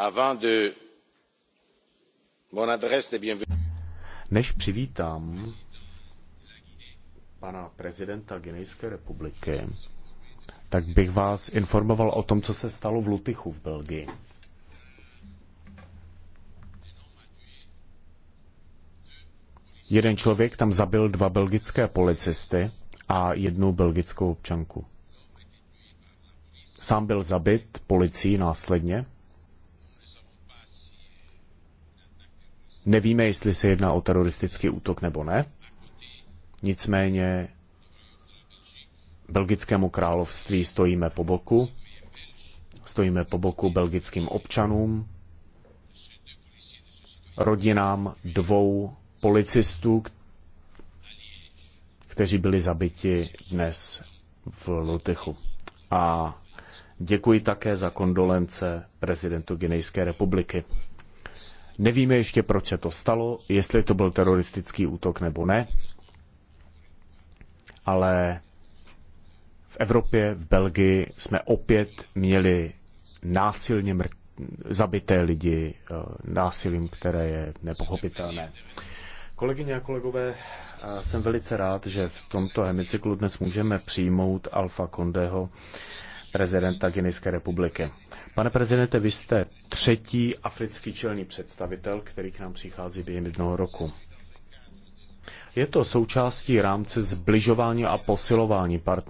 avant de mon adresse de bienvenue než přivítám pana prezidenta Guinejské republiky, tak bych vás informoval o tom, co se stalo v Lutychu v Belgii. Jeden člověk tam zabil dva belgické policisty a jednu belgickou občanku. Sám byl zabit policií následně Nevíme, jestli se jedná o teroristický útok nebo ne. Nicméně belgickému království stojíme po boku. Stojíme po boku belgickým občanům, rodinám dvou policistů, kteří byli zabiti dnes v Lutychu. A děkuji také za kondolence prezidentu Ginejské republiky. Nevíme ještě, proč se to stalo, jestli to byl teroristický útok nebo ne, ale v Evropě, v Belgii jsme opět měli násilně mrt- zabité lidi eh, násilím, které je nepochopitelné. Kolegyně a kolegové, eh, jsem velice rád, že v tomto hemicyklu dnes můžeme přijmout Alfa Kondeho prezidenta Guinejské republiky. Pane prezidente, vy jste třetí africký čelný představitel, který k nám přichází během jednoho roku. Je to součástí rámce zbližování a posilování partnerů.